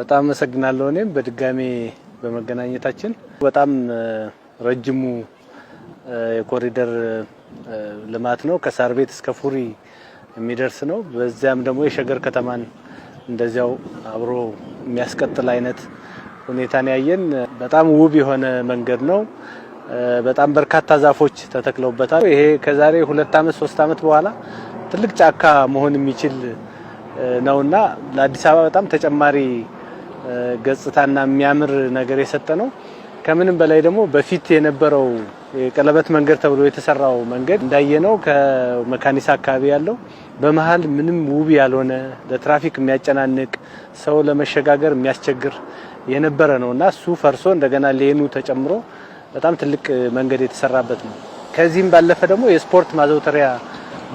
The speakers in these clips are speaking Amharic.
በጣም አመሰግናለሁ። እኔም በድጋሜ በመገናኘታችን በጣም ረጅሙ የኮሪደር ልማት ነው። ከሳር ቤት እስከ ፉሪ የሚደርስ ነው። በዚያም ደግሞ የሸገር ከተማን እንደዚያው አብሮ የሚያስቀጥል አይነት ሁኔታን ያየን በጣም ውብ የሆነ መንገድ ነው። በጣም በርካታ ዛፎች ተተክለውበታል። ይሄ ከዛሬ ሁለት አመት ሶስት ዓመት በኋላ ትልቅ ጫካ መሆን የሚችል ነውና ለአዲስ አበባ በጣም ተጨማሪ ገጽታና የሚያምር ነገር የሰጠ ነው። ከምንም በላይ ደግሞ በፊት የነበረው የቀለበት መንገድ ተብሎ የተሰራው መንገድ እንዳየነው ከመካኒሳ አካባቢ ያለው በመሀል ምንም ውብ ያልሆነ ለትራፊክ የሚያጨናንቅ ሰው ለመሸጋገር የሚያስቸግር የነበረ ነው እና እሱ ፈርሶ እንደገና ሌኑ ተጨምሮ በጣም ትልቅ መንገድ የተሰራበት ነው። ከዚህም ባለፈ ደግሞ የስፖርት ማዘውተሪያ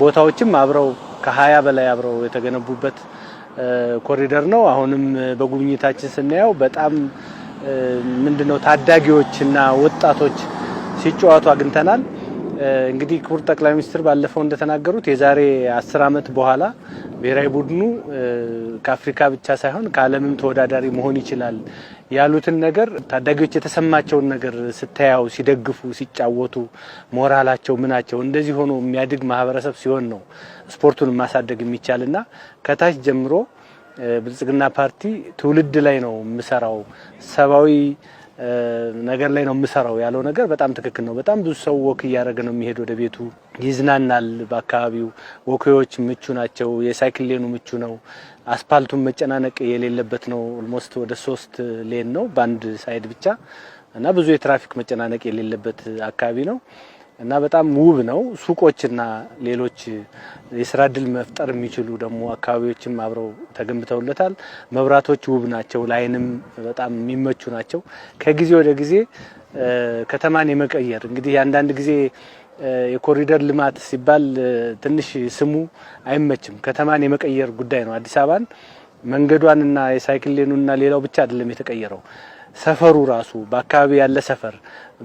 ቦታዎችም አብረው ከሀያ በላይ አብረው የተገነቡበት ኮሪደር ነው። አሁንም በጉብኝታችን ስናየው በጣም ምንድነው ታዳጊዎችና ወጣቶች ሲጫወቱ አግኝተናል። እንግዲህ ክቡር ጠቅላይ ሚኒስትር ባለፈው እንደተናገሩት የዛሬ አስር ዓመት በኋላ ብሔራዊ ቡድኑ ከአፍሪካ ብቻ ሳይሆን ከዓለምም ተወዳዳሪ መሆን ይችላል ያሉትን ነገር ታዳጊዎች የተሰማቸውን ነገር ስታያው ሲደግፉ፣ ሲጫወቱ ሞራላቸው ምናቸው እንደዚህ ሆኖ የሚያድግ ማህበረሰብ ሲሆን ነው ስፖርቱን ማሳደግ የሚቻልና ከታች ጀምሮ ብልጽግና ፓርቲ ትውልድ ላይ ነው የምሰራው ሰብአዊ ነገር ላይ ነው የምሰራው ያለው ነገር በጣም ትክክል ነው። በጣም ብዙ ሰው ወክ እያደረገ ነው የሚሄድ ወደ ቤቱ፣ ይዝናናል። በአካባቢው ወክዎች ምቹ ናቸው። የሳይክል ሌኑ ምቹ ነው። አስፓልቱን መጨናነቅ የሌለበት ነው። ኦልሞስት ወደ ሶስት ሌን ነው በአንድ ሳይድ ብቻ እና ብዙ የትራፊክ መጨናነቅ የሌለበት አካባቢ ነው። እና በጣም ውብ ነው። ሱቆችና ሌሎች የስራ እድል መፍጠር የሚችሉ ደግሞ አካባቢዎችም አብረው ተገንብተውለታል። መብራቶች ውብ ናቸው፣ ለአይንም በጣም የሚመቹ ናቸው። ከጊዜ ወደ ጊዜ ከተማን የመቀየር እንግዲህ አንዳንድ ጊዜ የኮሪደር ልማት ሲባል ትንሽ ስሙ አይመችም። ከተማን የመቀየር ጉዳይ ነው አዲስ አበባን መንገዷንና የሳይክል ሌኑና ሌላው ብቻ አይደለም የተቀየረው ሰፈሩ ራሱ በአካባቢ ያለ ሰፈር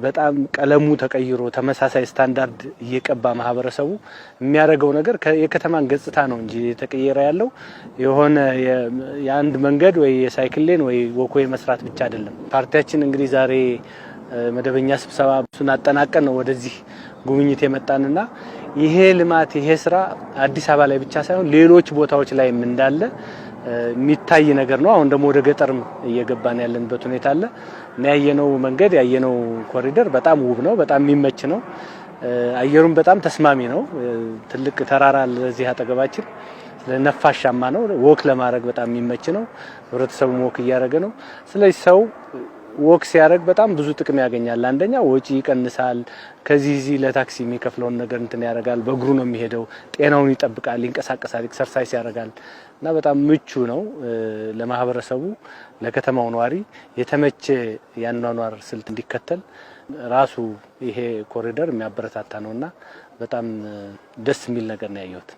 በጣም ቀለሙ ተቀይሮ ተመሳሳይ ስታንዳርድ እየቀባ ማህበረሰቡ የሚያደርገው ነገር የከተማን ገጽታ ነው እንጂ የተቀየረ ያለው የሆነ የአንድ መንገድ ወይ የሳይክል ሌን ወይ ወኮ መስራት ብቻ አይደለም። ፓርቲያችን እንግዲህ ዛሬ መደበኛ ስብሰባ እሱን አጠናቀን ነው ወደዚህ ጉብኝት የመጣንና ይሄ ልማት ይሄ ስራ አዲስ አበባ ላይ ብቻ ሳይሆን ሌሎች ቦታዎች ላይም እንዳለ የሚታይ ነገር ነው። አሁን ደግሞ ወደ ገጠርም እየገባን ያለንበት ሁኔታ አለ እና ያየነው መንገድ ያየነው ኮሪደር በጣም ውብ ነው። በጣም የሚመች ነው። አየሩም በጣም ተስማሚ ነው። ትልቅ ተራራ ለዚህ አጠገባችን ነፋሻማ ነው። ወክ ለማድረግ በጣም የሚመች ነው። ህብረተሰቡ ወክ እያደረገ ነው። ስለዚህ ሰው ወክ ሲያደርግ በጣም ብዙ ጥቅም ያገኛል። አንደኛ ወጪ ይቀንሳል። ከዚህ ዚህ ለታክሲ የሚከፍለውን ነገር እንትን ያደርጋል። በእግሩ ነው የሚሄደው። ጤናውን ይጠብቃል፣ ይንቀሳቀሳል፣ ኤክሰርሳይስ ያደርጋል እና በጣም ምቹ ነው ለማህበረሰቡ፣ ለከተማው ነዋሪ የተመቸ የአኗኗር ስልት እንዲከተል ራሱ ይሄ ኮሪደር የሚያበረታታ ነው እና በጣም ደስ የሚል ነገር ነው ያየሁት።